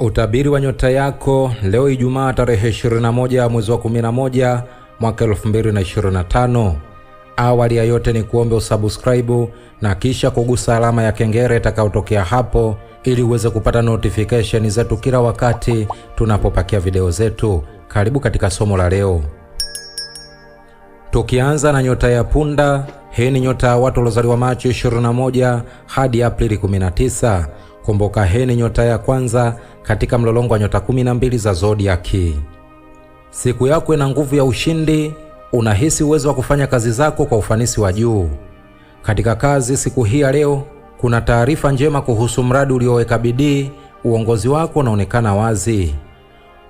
Utabiri wa nyota yako leo Ijumaa tarehe 21 mwezi wa 11 mwaka 2025. Awali ya yote ni kuombe usubscribe na kisha kugusa alama ya kengele itakayotokea hapo ili uweze kupata notification zetu kila wakati tunapopakia video zetu. Karibu katika somo la leo. Tukianza na nyota ya punda, hii ni nyota ya watu waliozaliwa Machi 21 hadi Aprili 19 kumbuka he ni nyota ya kwanza katika mlolongo wa nyota kumi na mbili za zodiaki. Siku yako ina nguvu ya ushindi, unahisi uwezo wa kufanya kazi zako kwa ufanisi wa juu. Katika kazi siku hii ya leo, kuna taarifa njema kuhusu mradi ulioweka bidii, uongozi wako unaonekana wazi.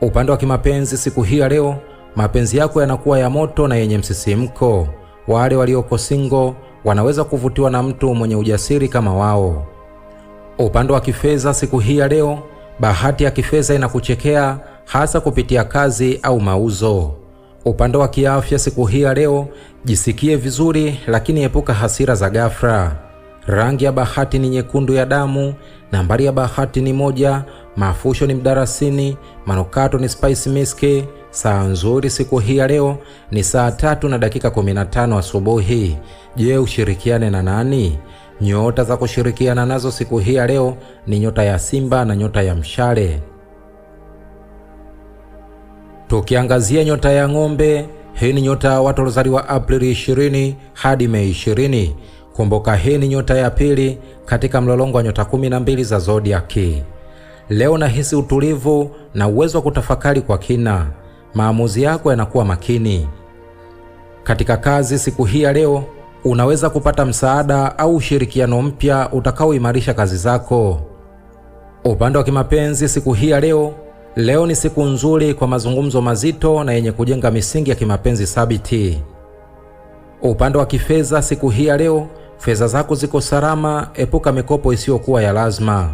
Upande wa kimapenzi siku hii ya leo, mapenzi yako yanakuwa ya moto na yenye msisimko. Wale walioko single wanaweza kuvutiwa na mtu mwenye ujasiri kama wao. Upande wa kifedha siku hii ya leo, bahati ya kifedha inakuchekea hasa kupitia kazi au mauzo. Upande wa kiafya siku hii ya leo, jisikie vizuri lakini epuka hasira za ghafla. Rangi ya bahati ni nyekundu ya damu. Nambari ya bahati ni moja. Mafusho ni mdarasini. Manukato ni spice miski. Saa nzuri siku hii ya leo ni saa tatu na dakika 15 asubuhi. Je, ushirikiane na nani? Nyota za kushirikiana nazo siku hii ya leo ni nyota ya Simba na nyota ya Mshale. Tukiangazia nyota ya Ng'ombe, hii ni nyota ya watu waliozaliwa Aprili 20 hadi Mei 20. Kumbuka, hii ni nyota ya pili katika mlolongo wa nyota 12 za zodiaki. Leo nahisi utulivu na uwezo wa kutafakari kwa kina. Maamuzi yako yanakuwa makini. Katika kazi siku hii ya leo unaweza kupata msaada au ushirikiano mpya utakaoimarisha kazi zako. Upande wa kimapenzi siku hii ya leo, leo ni siku nzuri kwa mazungumzo mazito na yenye kujenga misingi ya kimapenzi thabiti. Upande wa kifedha siku hii ya leo, fedha zako ziko salama, epuka mikopo isiyokuwa ya lazima.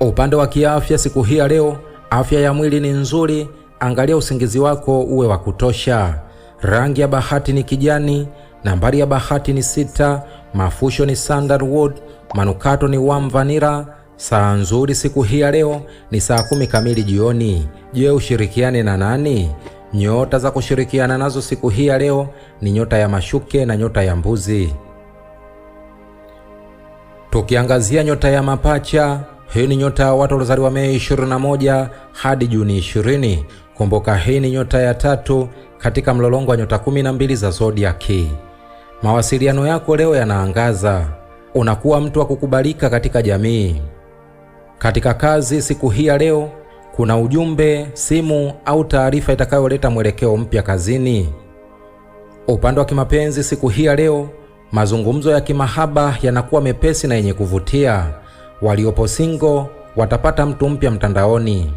Upande wa kiafya siku hii ya leo, afya ya mwili ni nzuri, angalia usingizi wako uwe wa kutosha. Rangi ya bahati ni kijani. Nambari ya bahati ni sita, mafusho ni sandalwood, manukato ni warm vanilla. Saa nzuri siku hii ya leo ni saa kumi kamili jioni. Je, ushirikiane na nani? Nyota za kushirikiana nazo siku hii ya leo ni nyota ya mashuke na nyota ya mbuzi. Tukiangazia nyota ya mapacha, hii ni nyota ya watu waliozaliwa Mei 21 hadi Juni 20. Kumbuka, hii ni nyota ya tatu katika mlolongo wa nyota 12 za zodiaki. Mawasiliano yako leo yanaangaza, unakuwa mtu wa kukubalika katika jamii. Katika kazi siku hii ya leo, kuna ujumbe, simu au taarifa itakayoleta mwelekeo mpya kazini. Upande wa kimapenzi siku hii ya leo, mazungumzo ya kimahaba yanakuwa mepesi na yenye kuvutia. Waliopo singo watapata mtu mpya mtandaoni.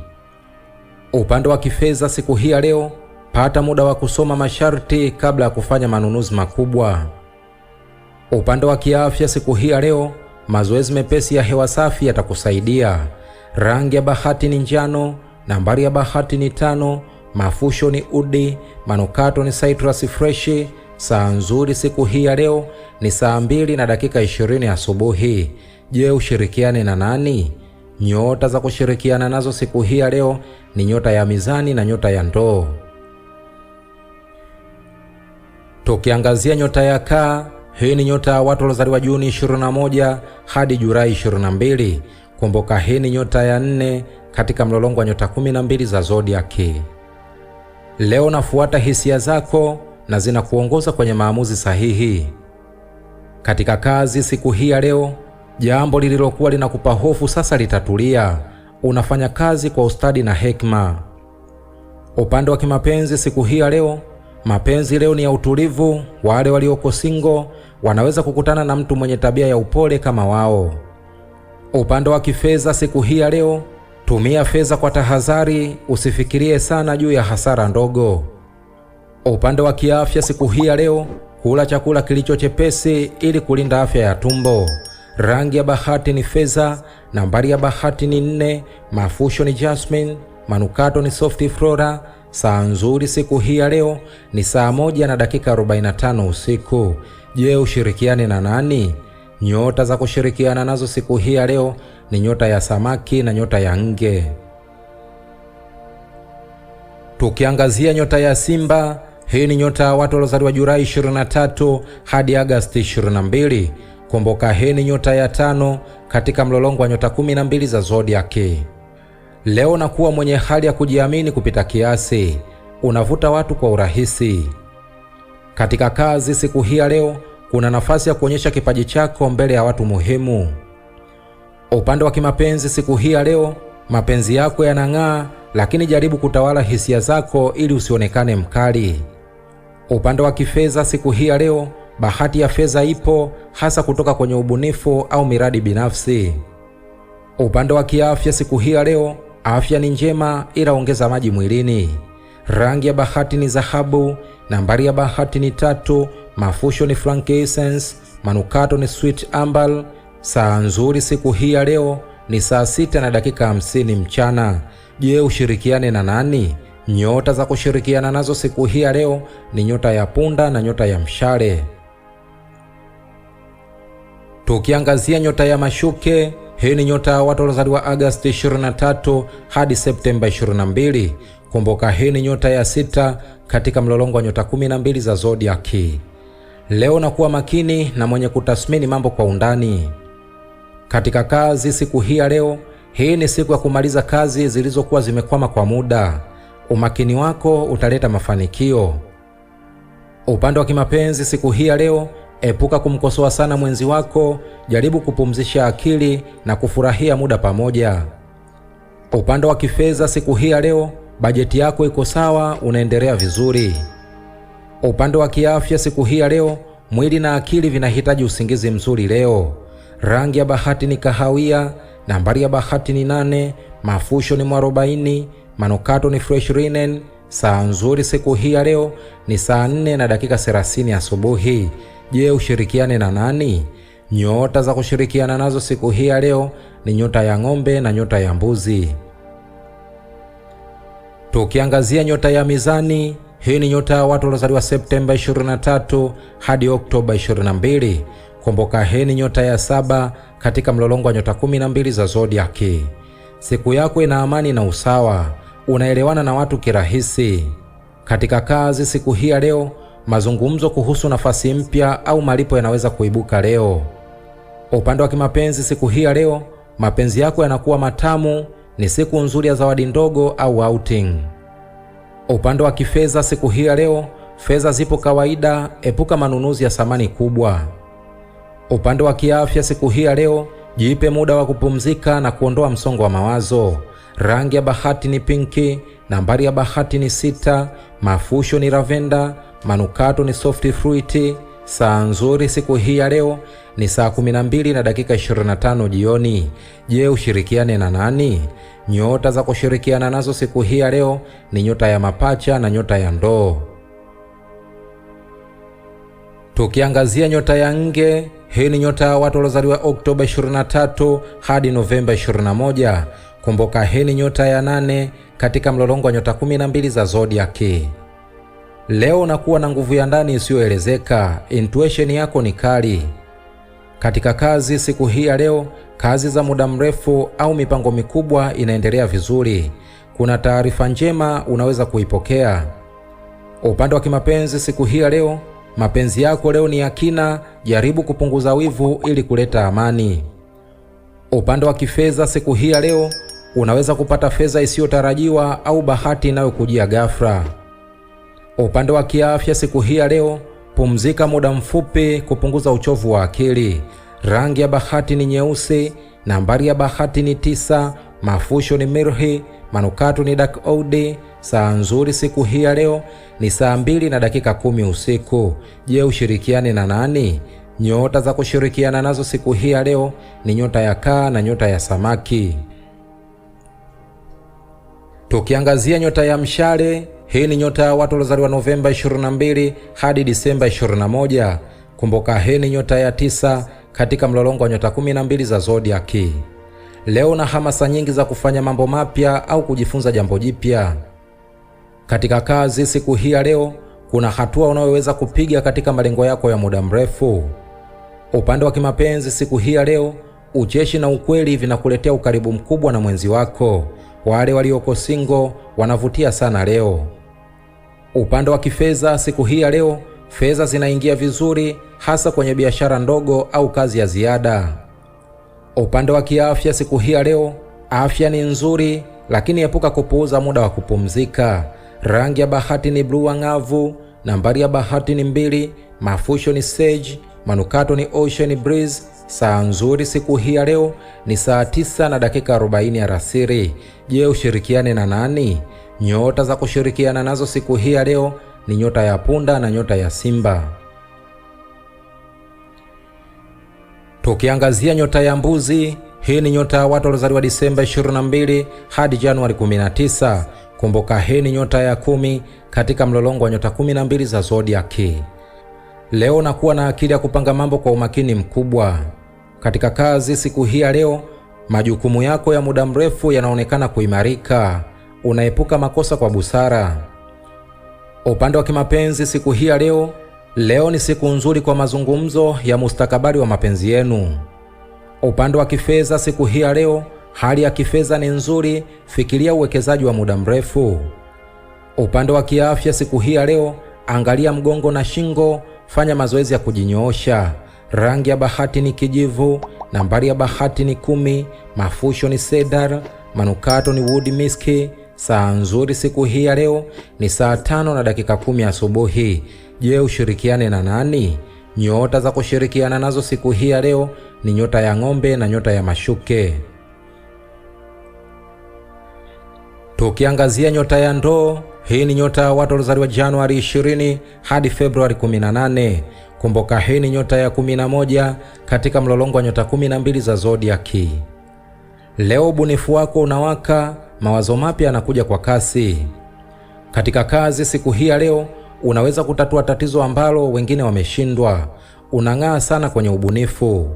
Upande wa kifedha siku hii ya leo, Pata muda wa kusoma masharti kabla ya kufanya manunuzi makubwa. Upande wa kiafya siku hii ya leo, mazoezi mepesi ya hewa safi yatakusaidia. Rangi ya bahati ni njano, nambari ya bahati ni tano, mafusho ni udi, manukato ni citrus freshi. Saa nzuri siku hii ya leo ni saa mbili na dakika ishirini asubuhi. Je, ushirikiane na nani? Nyota za kushirikiana nazo siku hii ya leo ni nyota ya mizani na nyota ya ndoo. Tukiangazia nyota ya Kaa, hii ni nyota ya watu waliozaliwa Juni 21 hadi Julai 22. Kumbuka, hii ni nyota ya nne katika mlolongo wa nyota 12 za zodiaki. Leo nafuata hisia zako na zinakuongoza kwenye maamuzi sahihi katika kazi. Siku hii ya leo, jambo lililokuwa linakupa hofu sasa litatulia. Unafanya kazi kwa ustadi na hekima. Upande wa kimapenzi, siku hii ya leo Mapenzi leo ni ya utulivu. Wale walioko singo wanaweza kukutana na mtu mwenye tabia ya upole kama wao. Upande wa kifedha siku hii ya leo, tumia fedha kwa tahadhari, usifikirie sana juu ya hasara ndogo. Upande wa kiafya siku hii ya leo, kula chakula kilicho chepesi ili kulinda afya ya tumbo. Rangi ya bahati ni fedha, nambari ya bahati ni nne, mafusho ni jasmine, manukato ni soft flora. Saa nzuri siku hii ya leo ni saa moja na dakika 45 usiku. Je, ushirikiane na nani? Nyota za kushirikiana nazo siku hii ya leo ni nyota ya samaki na nyota ya nge. Tukiangazia nyota ya Simba, hii ni nyota ya watu waliozaliwa Julai 23 hadi Agasti 22. Kumbuka, hii ni nyota ya tano katika mlolongo wa nyota 12 za zodiaki. Leo nakuwa mwenye hali ya kujiamini kupita kiasi, unavuta watu kwa urahisi. Katika kazi siku hii ya leo, kuna nafasi ya kuonyesha kipaji chako mbele ya watu muhimu. Upande wa kimapenzi siku hii ya leo, mapenzi yako yanang'aa, lakini jaribu kutawala hisia zako ili usionekane mkali. Upande wa kifedha siku hii ya leo, bahati ya fedha ipo hasa kutoka kwenye ubunifu au miradi binafsi. Upande wa kiafya siku hii ya leo, Afya ni njema ila ongeza maji mwilini. Rangi ya bahati ni dhahabu. Nambari ya bahati ni tatu. Mafusho ni frankincense. Manukato ni sweet amber. Saa nzuri siku hii ya leo ni saa sita na dakika hamsini mchana. Je, ushirikiane na nani? Nyota za kushirikiana nazo siku hii ya leo ni nyota ya punda na nyota ya mshale. Tukiangazia nyota ya mashuke hii ni nyota ya watu waliozaliwa Agosti 23 hadi Septemba 22. Kumbuka hii ni nyota ya sita katika mlolongo wa nyota 12 za zodiaki. Leo na kuwa makini na mwenye kutathmini mambo kwa undani katika kazi siku hii ya leo. Hii ni siku ya kumaliza kazi zilizokuwa zimekwama kwa muda. Umakini wako utaleta mafanikio. Upande wa kimapenzi siku hii ya leo, Epuka kumkosoa sana mwenzi wako, jaribu kupumzisha akili na kufurahia muda pamoja. Upande wa kifedha siku hii ya leo, bajeti yako iko sawa, unaendelea vizuri. Upande wa kiafya siku hii ya leo, mwili na akili vinahitaji usingizi mzuri leo. Rangi ya bahati ni kahawia, nambari ya bahati ni nane, mafusho ni mwarobaini, manukato ni fresh linen. Saa nzuri siku hii ya leo ni saa nne na dakika 30 asubuhi. Je, ushirikiane na nani? Nyota za kushirikiana nazo siku hii ya leo ni nyota ya ng'ombe na nyota ya mbuzi. Tukiangazia nyota ya mizani, hii ni nyota ya watu waliozaliwa Septemba 23 hadi Oktoba 22. Kumbuka, hii ni nyota ya saba katika mlolongo wa nyota 12 za zodiaki. Siku yako ina amani na usawa, unaelewana na watu kirahisi. Katika kazi siku hii ya leo mazungumzo kuhusu nafasi mpya au malipo yanaweza kuibuka leo. Upande wa kimapenzi siku hii ya leo, mapenzi yako yanakuwa matamu, ni siku nzuri ya zawadi ndogo au outing. Upande wa kifedha siku hii ya leo, fedha zipo kawaida, epuka manunuzi ya samani kubwa. Upande wa kiafya siku hii ya leo, jipe muda wa kupumzika na kuondoa msongo wa mawazo. Rangi ya bahati ni pinki, nambari ya bahati ni sita, mafusho ni lavenda. Manukato ni soft fruit. Saa nzuri siku hii ya leo ni saa 12 na dakika 25 jioni. Je, ushirikiane na nani? Nyota za kushirikiana nazo siku hii ya leo ni nyota ya mapacha na nyota ya ndoo. Tukiangazia nyota ya nge, hii ni nyota ya watu waliozaliwa Oktoba 23 hadi Novemba 21. Kumbuka, hii ni nyota ya nane katika mlolongo wa nyota 12 za zodiaki. Leo unakuwa na nguvu ya ndani isiyoelezeka, intuition yako ni kali. Katika kazi siku hii ya leo, kazi za muda mrefu au mipango mikubwa inaendelea vizuri. Kuna taarifa njema unaweza kuipokea. Upande wa kimapenzi siku hii ya leo, mapenzi yako leo ni ya kina, jaribu kupunguza wivu ili kuleta amani. Upande wa kifedha siku hii ya leo, unaweza kupata fedha isiyotarajiwa au bahati inayokujia ghafla. Upande wa kiafya siku hii ya leo, pumzika muda mfupi kupunguza uchovu wa akili. Rangi ya bahati ni nyeusi, nambari ya bahati ni tisa, mafusho ni mirhi, manukato ni dark oud. Saa nzuri siku hii ya leo ni saa mbili na dakika kumi usiku. Je, ushirikiane na nani? Nyota za kushirikiana nazo siku hii ya leo ni nyota ya kaa na nyota ya samaki. Tukiangazia nyota ya mshale hii ni nyota ya watu waliozaliwa Novemba 22 hadi Disemba 21. Kumbuka, hii ni nyota ya tisa katika mlolongo wa nyota 12 za zodiaki. Leo na hamasa nyingi za kufanya mambo mapya au kujifunza jambo jipya. Katika kazi siku hii ya leo, kuna hatua unayoweza kupiga katika malengo yako ya muda mrefu. Upande wa kimapenzi siku hii ya leo, ucheshi na ukweli vinakuletea ukaribu mkubwa na mwenzi wako. Wale walioko singo wanavutia sana leo. Upande wa kifedha, siku hii ya leo, fedha zinaingia vizuri, hasa kwenye biashara ndogo au kazi ya ziada. Upande wa kiafya, siku hii ya leo, afya ni nzuri, lakini epuka kupuuza muda wa kupumzika. Rangi ya bahati ni bluu ang'avu. Nambari ya bahati ni mbili. Mafusho ni sage. Manukato ni ocean breeze. Saa nzuri siku hii ya leo ni saa tisa na dakika 40 alasiri. Je, ushirikiane na nani? Nyota za kushirikiana nazo siku hii ya leo ni nyota ya punda na nyota ya simba. Tukiangazia nyota ya mbuzi, hii ni nyota ya watu waliozaliwa Disemba 22 hadi Januari 19. Kumbuka, hii ni nyota ya kumi katika mlolongo wa nyota 12 za zodiaki. Leo unakuwa na akili ya kupanga mambo kwa umakini mkubwa. Katika kazi siku hii ya leo, majukumu yako ya muda mrefu yanaonekana kuimarika unaepuka makosa kwa busara. Upande wa kimapenzi siku hii ya leo, leo ni siku nzuri kwa mazungumzo ya mustakabali wa mapenzi yenu. Upande wa kifedha siku hii ya leo, hali ya kifedha ni nzuri, fikiria uwekezaji wa muda mrefu. Upande wa kiafya siku hii ya leo, angalia mgongo na shingo, fanya mazoezi ya kujinyoosha. Rangi ya bahati ni kijivu, nambari ya bahati ni kumi, mafusho ni sedar, manukato ni wood miski, Saa nzuri siku hii ya leo ni saa tano na dakika kumi asubuhi. Je, ushirikiane na nani? Nyota za kushirikiana nazo siku hii ya leo ni nyota ya ng'ombe na nyota ya mashuke. Tukiangazia nyota ya ndoo, hii ni nyota ya watu waliozaliwa Januari 20 hadi Februari 18. Kumbuka, hii ni nyota ya 11 katika mlolongo wa nyota 12 za zodiaki. Leo ubunifu wako unawaka mawazo mapya yanakuja kwa kasi. Katika kazi siku hii ya leo, unaweza kutatua tatizo ambalo wengine wameshindwa. Unang'aa sana kwenye ubunifu.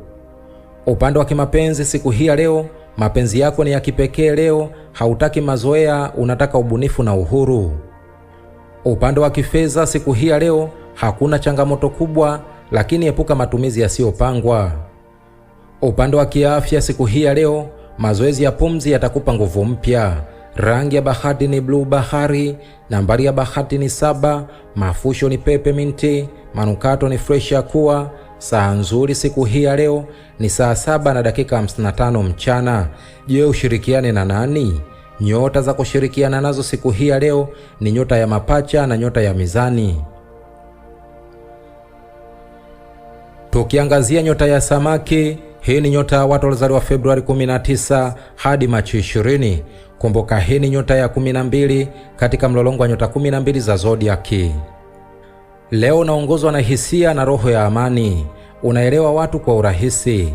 Upande wa kimapenzi siku hii ya leo, mapenzi yako ni ya kipekee leo. Hautaki mazoea, unataka ubunifu na uhuru. Upande wa kifedha siku hii ya leo, hakuna changamoto kubwa, lakini epuka matumizi yasiyopangwa. Upande wa kiafya siku hii ya leo Mazoezi ya pumzi yatakupa nguvu mpya. Rangi ya bahati ni bluu bahari. Nambari ya bahati ni saba. Mafusho ni pepe minti Manukato ni fresh ya kuwa. Saa nzuri siku hii ya leo ni saa saba na dakika 55 mchana. Je, ushirikiane na nani? Nyota za kushirikiana nazo siku hii ya leo ni nyota ya mapacha na nyota ya mizani. Tukiangazia nyota ya samaki hii ni nyota ya watu walizaliwa Februari 19 hadi Machi 20. Kumbuka hii ni nyota ya 12 katika mlolongo wa nyota 12 za zodiaki. Leo unaongozwa na hisia na roho ya amani, unaelewa watu kwa urahisi.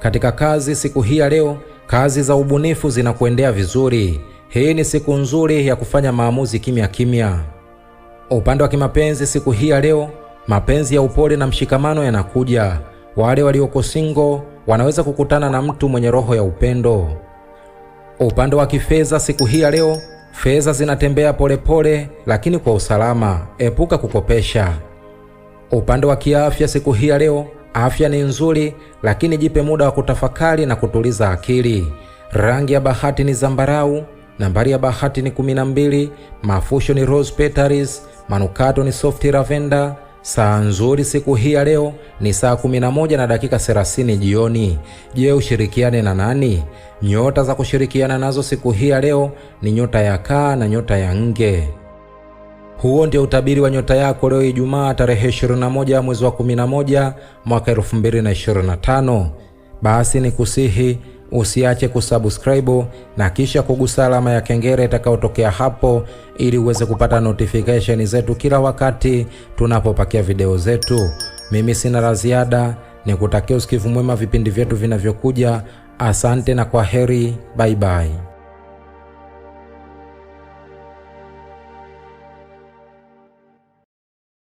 Katika kazi siku hii ya leo, kazi za ubunifu zinakuendea vizuri. Hii ni siku nzuri ya kufanya maamuzi kimya kimya. Upande wa kimapenzi siku hii ya leo, mapenzi ya upole na mshikamano yanakuja. Wale walioko single wanaweza kukutana na mtu mwenye roho ya upendo. Upande wa kifedha siku hii ya leo, fedha zinatembea polepole pole, lakini kwa usalama, epuka kukopesha. Upande wa kiafya siku hii ya leo, afya ni nzuri, lakini jipe muda wa kutafakari na kutuliza akili. Rangi ya bahati ni zambarau. Nambari ya bahati ni 12. Mafusho ni rose petals. Manukato ni soft lavender. Saa nzuri siku hii ya leo ni saa 11 na dakika 30 jioni. Je, ushirikiane na nani? Nyota za kushirikiana nazo siku hii ya leo ni nyota ya kaa na nyota ya nge. Huo ndio utabiri wa nyota yako leo Ijumaa tarehe 21 ya mwezi wa 11 mwaka 2025. Basi ni kusihi Usiache kusubscribe na kisha kugusa alama ya kengele itakayotokea hapo ili uweze kupata notification zetu kila wakati tunapopakia video zetu. Mimi sina la ziada, nikutakia usikivu mwema vipindi vyetu vinavyokuja. Asante na kwa heri, bye bye.